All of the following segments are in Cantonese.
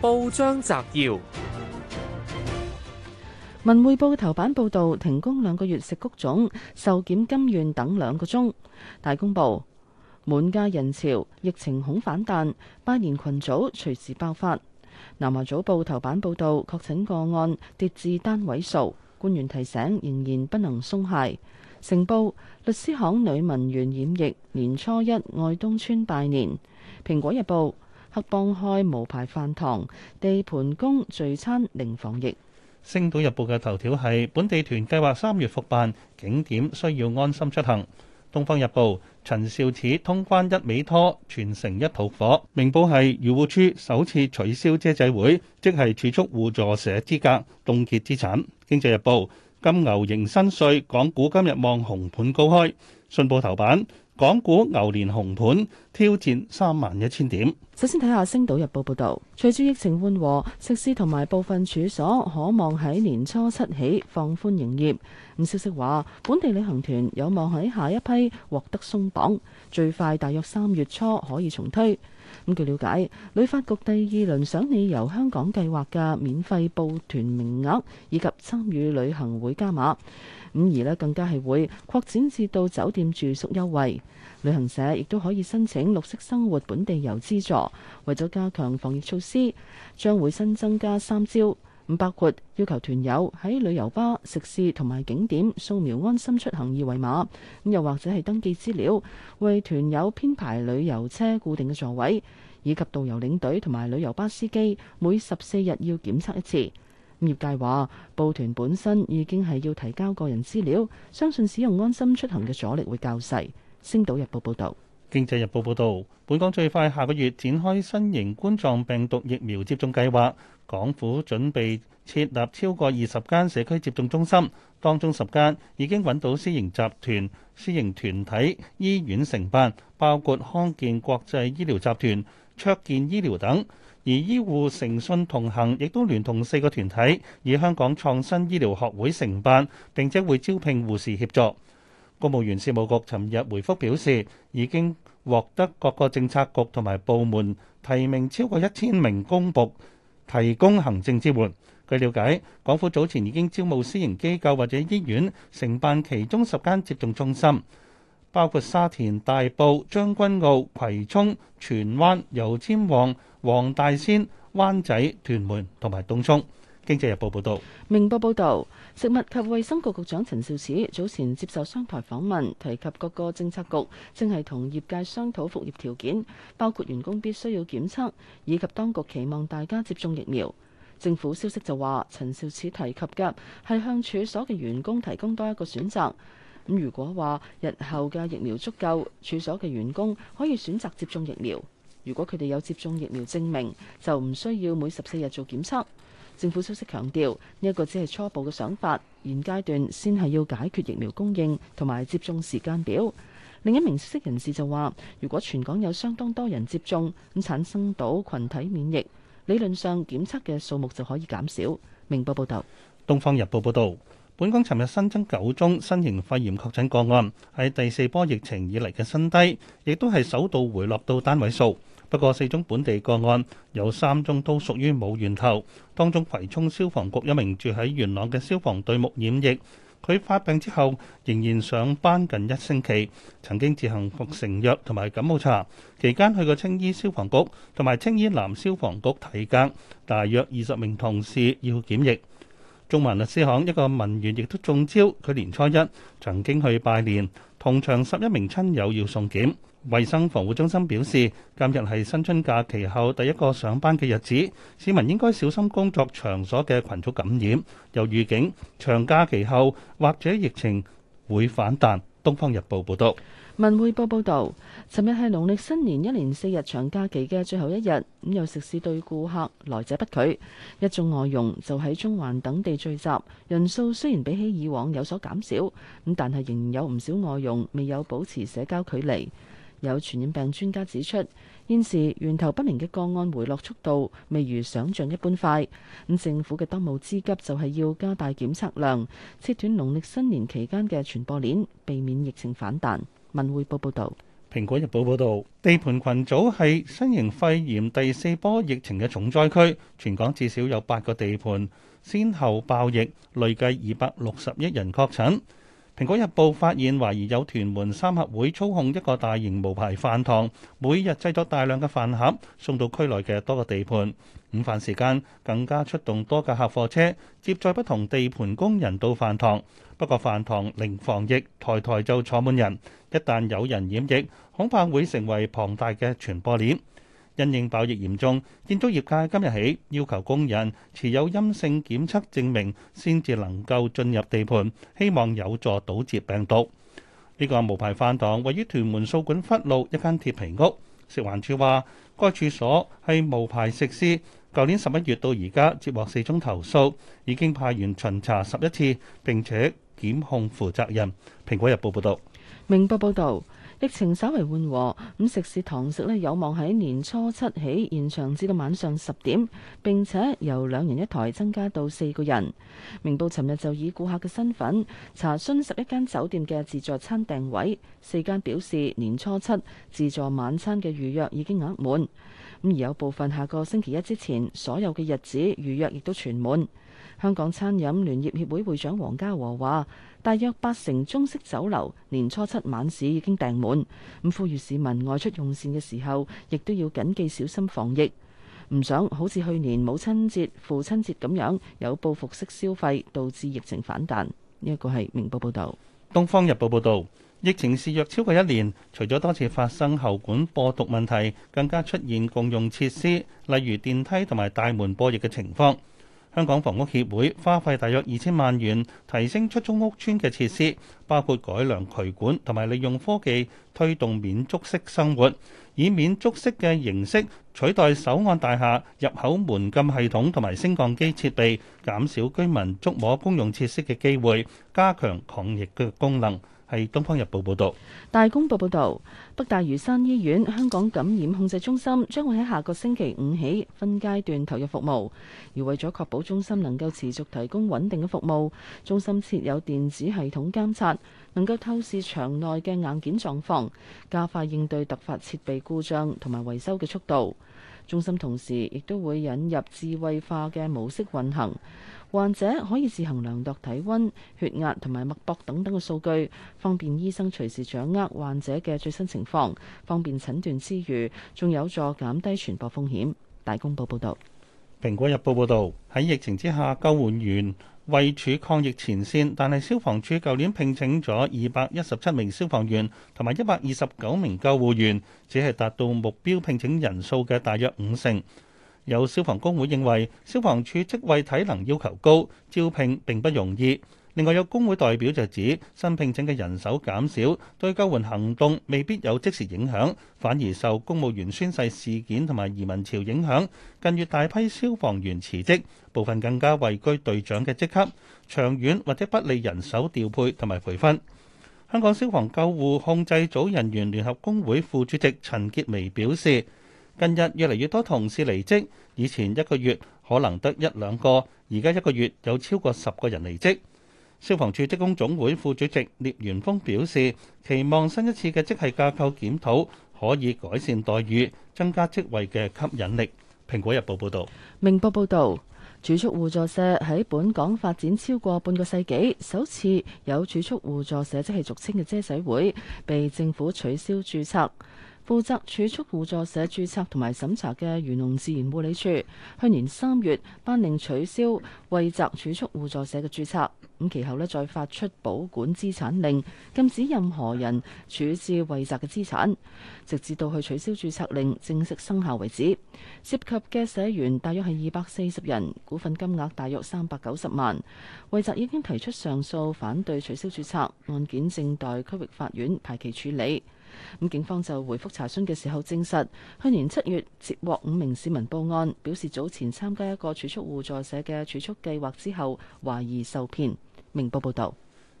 報章摘要：《文匯報》頭版報道，停工兩個月食谷種，受檢甘願等兩個鐘。《大公報》滿街人潮，疫情恐反彈，拜年群組隨時爆發。《南華早報》頭版報道，確診個案跌至單位數，官員提醒仍然不能鬆懈。成報律師行女文員染疫，年初一愛東村拜年。《蘋果日報》幫開無牌飯堂，地盤工聚餐零防疫。星島日報嘅頭條係本地團計劃三月復辦，景點需要安心出行。東方日報：陳肇始通關一味拖，全城一肚火。明報係漁護署首,首次取消遮仔會，即係儲蓄互助社資格凍結資產。經濟日報：金牛迎新歲，港股今日望紅盤高開。信報頭版。港股牛年紅盤挑戰三萬一千點。首先睇下《星島日報》報道，隨住疫情緩和，食肆同埋部分處所可望喺年初七起放寬營業。咁消息話，本地旅行團有望喺下一批獲得鬆綁。最快大約三月初可以重推。咁據了解，旅發局第二輪賞你遊香港計劃嘅免費報團名額，以及參與旅行會加碼。咁而咧更加係會擴展至到酒店住宿優惠，旅行社亦都可以申請綠色生活本地遊資助。為咗加強防疫措施，將會新增加三招。包括要求團友喺旅遊巴、食肆同埋景點掃描安心出行二維碼，咁又或者係登記資料，為團友編排旅遊車固定嘅座位，以及導遊領隊同埋旅遊巴司機每十四日要檢測一次。業界話報團本身已經係要提交個人資料，相信使用安心出行嘅阻力會較細。星島日報報道。經濟日報報導，本港最快下個月展開新型冠狀病毒疫苗接種計劃，港府準備設立超過二十間社區接種中心，當中十間已經揾到私營集團、私營團體、醫院承辦，包括康健國際醫療集團、卓健醫療等。而醫護誠信同行亦都聯同四個團體，以香港創新醫療學會承辦，並且會招聘護士協助。公務員事務局尋日回覆表示，已經獲得各個政策局同埋部門提名超過一千名公僕提供行政支援。據了解，港府早前已經招募私營機構或者醫院承辦其中十間接種中心，包括沙田、大埔、將軍澳、葵涌、荃灣、油尖旺、黃大仙、灣仔、屯門同埋東涌。經濟日報報導，明報報導，食物及衛生局局長陳肇始早前接受商台訪問，提及各個政策局正係同業界商討復業條件，包括員工必須要檢測，以及當局期望大家接種疫苗。政府消息就話，陳肇始提及嘅係向處所嘅員工提供多一個選擇。咁如果話日後嘅疫苗足夠，處所嘅員工可以選擇接種疫苗。如果佢哋有接種疫苗證明，就唔需要每十四日做檢測。政府消息強調，呢一個只係初步嘅想法，現階段先係要解決疫苗供應同埋接種時間表。另一名消息人士就話，如果全港有相當多人接種，咁產生到羣體免疫，理論上檢測嘅數目就可以減少。明報報導，《東方日報》報導，本港尋日新增九宗新型肺炎確診個案，係第四波疫情以嚟嘅新低，亦都係首度回落到單位數。不過四宗本地個案，有三宗都屬於冇源頭。當中葵涌消防局一名住喺元朗嘅消防隊目染疫，佢發病之後仍然上班近一星期，曾經自行服成藥同埋感冒茶，期間去過青衣消防局同埋青衣南消防局體格，大約二十名同事要檢疫。眾民律師行一個文員亦都中招，佢年初一曾經去拜年，同場十一名親友要送檢。衛生防護中心表示，今日係新春假期後第一個上班嘅日子，市民應該小心工作場所嘅群組感染。有預警，長假期後或者疫情會反彈。《東方日報》報道，《文匯報》報道，尋日係農曆新年一年四日長假期嘅最後一日，咁有食肆對顧客來者不拒，一眾外傭就喺中環等地聚集，人數雖然比起以往有所減少，咁但係仍然有唔少外傭未有保持社交距離。有傳染病專家指出，現時源頭不明嘅個案回落速度未如想像一般快。咁政府嘅當務之急就係要加大檢測量，切斷農曆新年期間嘅傳播鏈，避免疫情反彈。文匯報報道，《蘋果日報》報道，地盤群組係新型肺炎第四波疫情嘅重災區，全港至少有八個地盤先後爆疫，累計二百六十一人確診。《蘋果日報》發現，懷疑有屯門三合會操控一個大型無牌飯堂，每日製作大量嘅飯盒送到區內嘅多個地盤。午飯時間更加出動多架客貨車接載不同地盤工人到飯堂。不過飯堂零防疫，台台就坐滿人。一旦有人染疫，恐怕會成為龐大嘅傳播鏈。因應爆疫嚴重，建築業界今日起要求工人持有陰性檢測證明先至能夠進入地盤，希望有助堵截病毒。呢個無牌飯檔位於屯門掃管笏路一間鐵皮屋，食環署話該處所係無牌食肆，舊年十一月到而家接獲四宗投訴，已經派員巡查十一次並且檢控負責人。蘋果日報報導。明報報導。疫情稍為緩和，咁食肆堂食呢有望喺年初七起延長至到晚上十點，並且由兩人一枱增加到四個人。明報尋日就以顧客嘅身份查詢十一間酒店嘅自助餐訂位，四間表示年初七自助晚餐嘅預約已經額滿，咁而有部分下個星期一之前所有嘅日子預約亦都全滿。香港餐飲聯業協會會長黃家和話，大約八成中式酒樓年初七晚市已經訂滿，咁呼籲市民外出用膳嘅時候，亦都要緊記小心防疫，唔想好似去年母親節、父親節咁樣有報復式消費，導致疫情反彈。呢一個係明報報導，《東方日報》報導，疫情肆虐超過一年，除咗多次發生喉管播毒問題，更加出現共用設施，例如電梯同埋大門播疫嘅情況。香港房屋協會花費大約二千萬元提升出租屋邨嘅設施，包括改良渠管同埋利用科技推動免觸式生活，以免觸式嘅形式取代手按大廈入口門禁系統同埋升降機設備，減少居民觸摸公用設施嘅機會，加強抗疫嘅功能。係《東方日報》報道，《大公報》報道，北大嶼山醫院香港感染控制中心將會喺下個星期五起分階段投入服務，而為咗確保中心能夠持續提供穩定嘅服務，中心設有電子系統監察，能夠透視場內嘅硬件狀況，加快應對突發設備故障同埋維修嘅速度。中心同時亦都會引入智慧化嘅模式運行。患者可以自行量度體溫、血壓同埋脈搏等等嘅數據，方便醫生隨時掌握患者嘅最新情況，方便診斷之餘，仲有助減低傳播風險，大公報報道。蘋果日報報道，喺疫情之下，救援員位處抗疫前線，但係消防署舊年聘請咗二百一十七名消防員同埋一百二十九名救護員，只係達到目標聘請人數嘅大約五成。有消防工會認為消防處職位體能要求高，招聘並不容易。另外有工會代表就指，新聘請嘅人手減少，對救援行動未必有即時影響，反而受公務員宣誓事件同埋移民潮影響，近月大批消防員辭職，部分更加位居隊長嘅職級，長遠或者不利人手調配同埋培訓。香港消防救護控制組人員聯合工會副主席陳潔薇表示。近日越嚟越多同事離職，以前一個月可能得一兩個，而家一個月有超過十個人離職。消防處職工總會副主席聶元峰表示，期望新一次嘅職系架構檢討可以改善待遇，增加職位嘅吸引力。《蘋果日報》報道，明報報道，儲蓄互助社喺本港發展超過半個世紀，首次有儲蓄互助社即係俗稱嘅遮仔會被政府取消註冊。負責儲蓄互助社註冊同埋審查嘅漁農自然護理署，去年三月頒令取消惠澤儲，儲蓄互助社嘅註冊，咁其後咧再發出保管資產令，禁止任何人處置惠澤嘅資產，直至到去取消註冊令正式生效為止。涉及嘅社員大約係二百四十人，股份金額大約三百九十萬。惠澤已經提出上訴反對取消註冊，案件正待區域法院排期處理。咁警方就回覆查詢嘅時候證實，去年七月接獲五名市民報案，表示早前參加一個儲蓄互助社嘅儲蓄計劃之後，懷疑受騙。明報報道，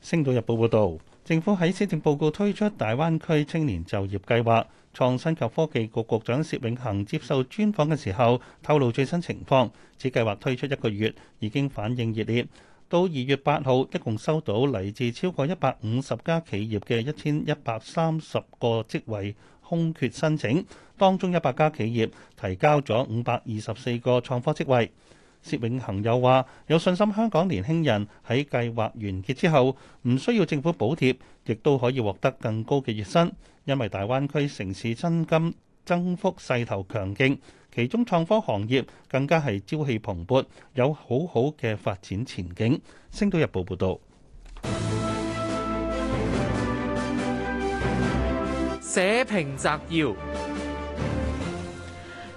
星島日報報道，政府喺施政報告推出大灣區青年就業計劃，創新及科技局局局長薛永恒接受專訪嘅時候透露最新情況，此計劃推出一個月已經反應熱烈。到二月八號，一共收到嚟自超過一百五十家企業嘅一千一百三十個職位空缺申請，當中一百家企業提交咗五百二十四個創科職位。薛永恒又話：有信心香港年輕人喺計劃完結之後，唔需要政府補貼，亦都可以獲得更高嘅月薪，因為大灣區城市薪金。增幅勢頭強勁，其中創科行業更加係朝氣蓬勃，有好好嘅發展前景。星島日報報導，社評摘要。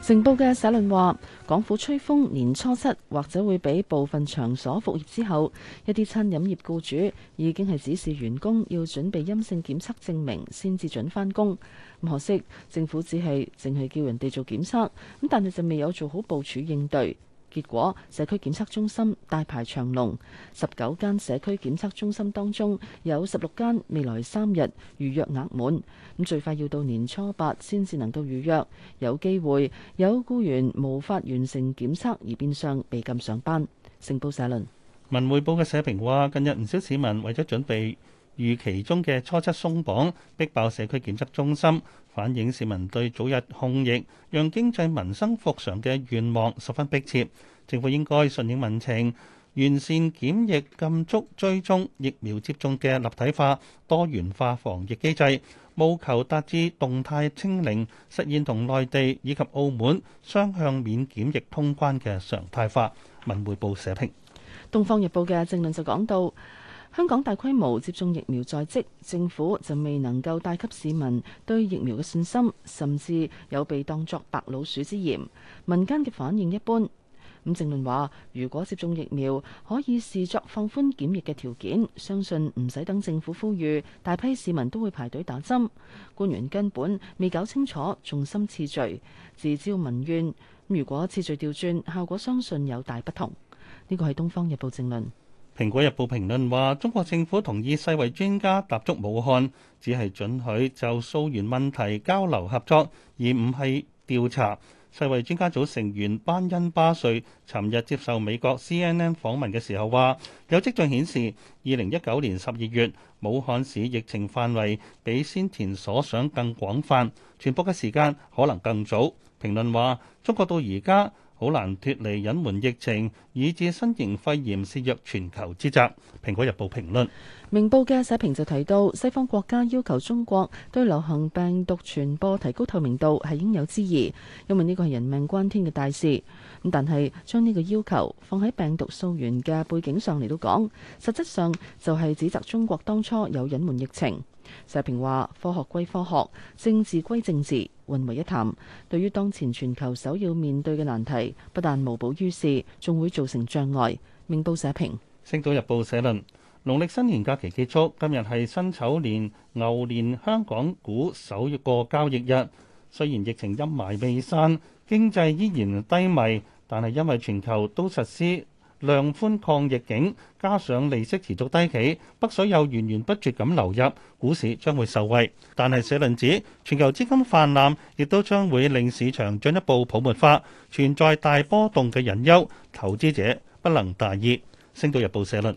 《成報》嘅社論話，港府吹風年初七或者會俾部分場所復業之後，一啲餐飲業僱主已經係指示員工要準備陰性檢測證明先至准返工。咁可惜，政府只係淨係叫人哋做檢測，咁但係就未有做好部署應對。結果社區檢測中心大排長龍，十九間社區檢測中心當中有十六間未來三日預約額滿，咁最快要到年初八先至能夠預約，有機會有僱員無法完成檢測而變相被禁上班。成報社論。《文匯報》嘅社評話：近日唔少市民為咗準備預期中嘅初七鬆綁，逼爆社區檢測中心，反映市民對早日控疫、讓經濟民生復常嘅願望十分迫切。政府應該順應民情，完善檢疫、禁足、追蹤、疫苗接種嘅立體化、多元化防疫機制，務求達至動態清零，實現同內地以及澳門雙向免檢疫通關嘅常態化。文匯報社評，《東方日報》嘅正論就講到。香港大規模接種疫苗在即，政府就未能夠帶給市民對疫苗嘅信心，甚至有被當作白老鼠之嫌。民間嘅反應一般。咁政論話，如果接種疫苗，可以視作放寬檢疫嘅條件，相信唔使等政府呼籲，大批市民都會排隊打針。官員根本未搞清楚，重心次序，自招民怨。咁如果次序調轉，效果相信有大不同。呢個係《東方日報》政論。《蘋果日報》評論話：中國政府同意世衞專家踏足武漢，只係准許就溯源問題交流合作，而唔係調查。世衞專家組成員班恩巴瑞尋日接受美國 CNN 訪問嘅時候話：有跡象顯示，二零一九年十二月武漢市疫情範圍比先前所想更廣泛，傳播嘅時間可能更早。評論話：中國到而家，好難脫離隱瞞疫情，以致新型肺炎肆虐全球之責。《蘋果日報評論》評論明報嘅社評就提到，西方國家要求中國對流行病毒傳播提高透明度係應有之義，因為呢個係人命關天嘅大事。咁但係將呢個要求放喺病毒溯源嘅背景上嚟到講，實質上就係指責中國當初有隱瞞疫情。社評話：科學歸科學，政治歸政治，混為一談，對於當前全球首要面對嘅難題，不但無補於事，仲會造成障礙。明報社評。《星島日報》社論：農曆新年假期結束，今日係辛丑年牛年香港股首一個交易日。雖然疫情陰霾未散，經濟依然低迷，但係因為全球都實施。量寬抗疫境，加上利息持續低企，北水又源源不絕咁流入，股市將會受惠。但係社論指，全球資金泛濫，亦都將會令市場進一步泡沫化，存在大波動嘅隱憂，投資者不能大意。星島日報社論。